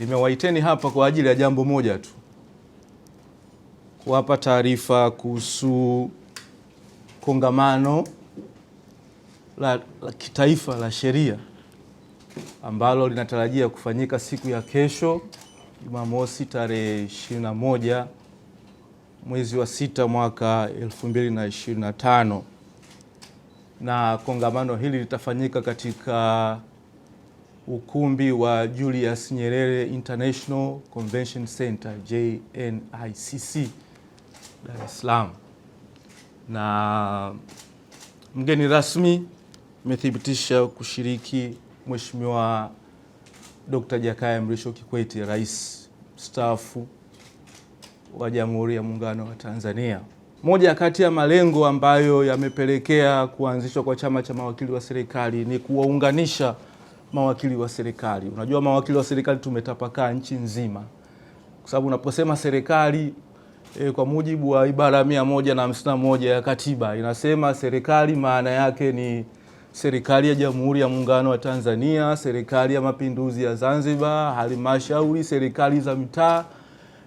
Nimewaiteni hapa kwa ajili ya jambo moja tu, kuwapa taarifa kuhusu kongamano la, la kitaifa la sheria ambalo linatarajia kufanyika siku ya kesho Jumamosi tarehe 21 mwezi wa sita mwaka 2025 na kongamano hili litafanyika katika ukumbi wa Julius Nyerere International Convention Center JNICC, Dar es Salaam, na mgeni rasmi amethibitisha kushiriki Mheshimiwa Dr. Jakaya Mrisho Kikwete, Rais mstaafu wa Jamhuri ya Muungano wa Tanzania. Moja kati ya malengo ambayo yamepelekea kuanzishwa kwa Chama cha Mawakili wa Serikali ni kuwaunganisha mawakili wa serikali. Unajua mawakili wa serikali tumetapakaa nchi nzima, kwa sababu unaposema serikali e, kwa mujibu wa ibara mia moja na hamsini na moja ya katiba inasema serikali maana yake ni serikali ya Jamhuri ya Muungano wa Tanzania, serikali ya Mapinduzi ya Zanzibar, halmashauri, serikali za mitaa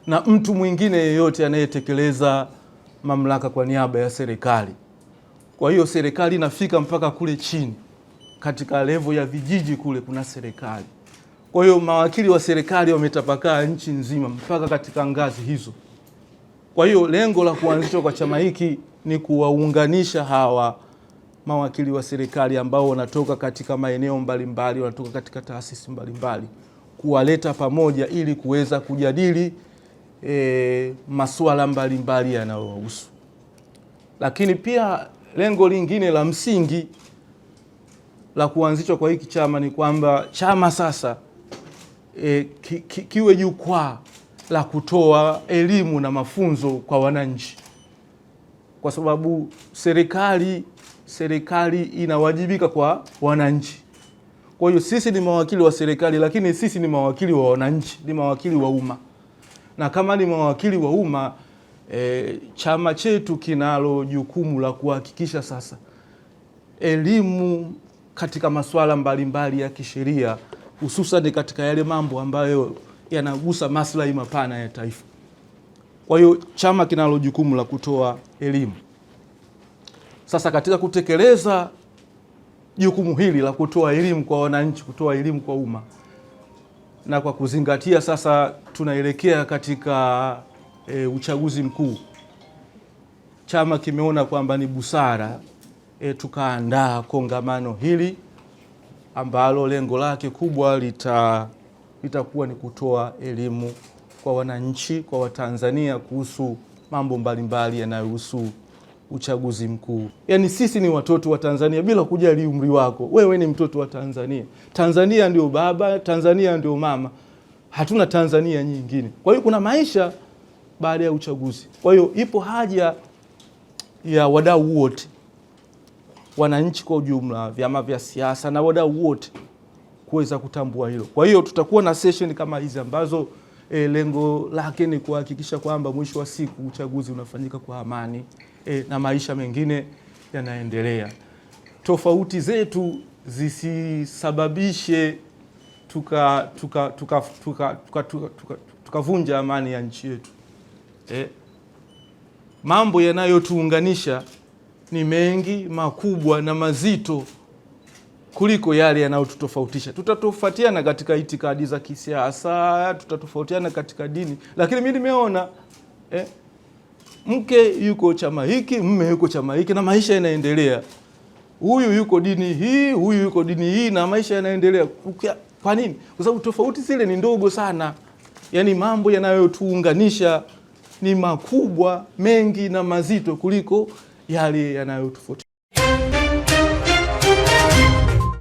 na mtu mwingine yeyote anayetekeleza mamlaka kwa niaba ya serikali. Kwa hiyo serikali inafika mpaka kule chini katika levo ya vijiji kule kuna serikali. Kwa hiyo mawakili wa serikali wametapakaa nchi nzima mpaka katika ngazi hizo. Kwa hiyo lengo la kuanzishwa kwa chama hiki ni kuwaunganisha hawa mawakili wa serikali ambao wanatoka katika maeneo mbalimbali, wanatoka katika taasisi mbalimbali, kuwaleta pamoja ili kuweza kujadili e, masuala mbalimbali yanayowahusu. Lakini pia lengo lingine la msingi la kuanzishwa kwa hiki chama ni kwamba chama sasa e, ki, ki, kiwe jukwaa la kutoa elimu na mafunzo kwa wananchi, kwa sababu serikali serikali inawajibika kwa wananchi. Kwa hiyo sisi ni mawakili wa serikali, lakini sisi ni mawakili wa wananchi, ni mawakili wa umma, na kama ni mawakili wa umma e, chama chetu kinalo jukumu la kuhakikisha sasa elimu katika masuala mbalimbali ya kisheria, hususan katika yale mambo ambayo yanagusa maslahi mapana ya taifa. Kwa hiyo chama kinalo jukumu la kutoa elimu. Sasa katika kutekeleza jukumu hili la kutoa elimu kwa wananchi, kutoa elimu kwa umma, na kwa kuzingatia sasa tunaelekea katika e, uchaguzi mkuu, chama kimeona kwamba ni busara e, tukaandaa kongamano hili ambalo lengo lake kubwa lita litakuwa ni kutoa elimu kwa wananchi, kwa Watanzania kuhusu mambo mbalimbali yanayohusu uchaguzi mkuu. Yaani sisi ni watoto wa Tanzania bila kujali umri wako. Wewe ni mtoto wa Tanzania. Tanzania ndio baba, Tanzania ndio mama. Hatuna Tanzania nyingine. Kwa hiyo kuna maisha baada ya uchaguzi. Kwa hiyo ipo haja ya wadau wote wananchi kwa ujumla, vyama vya siasa na wadau wote kuweza kutambua hilo. Kwa hiyo tutakuwa na session kama hizi ambazo e, lengo lake ni kuhakikisha kwamba mwisho wa siku uchaguzi unafanyika kwa amani e, na maisha mengine yanaendelea. Tofauti zetu zisisababishe tukavunja tuka, tuka, tuka, tuka, tuka, tuka, tuka amani ya nchi yetu e, mambo yanayotuunganisha ni mengi makubwa na mazito kuliko yale yanayotutofautisha. Tutatofautiana katika itikadi za kisiasa, tutatofautiana katika dini, lakini mi nimeona eh, mke yuko chama hiki, mme yuko chama hiki na maisha yanaendelea. Huyu yuko dini hii, huyu yuko dini hii na maisha yanaendelea. Kwa nini? Kwa sababu tofauti zile ni ndogo sana. Yaani mambo yanayotuunganisha ni makubwa, mengi na mazito kuliko yale yanayotofauti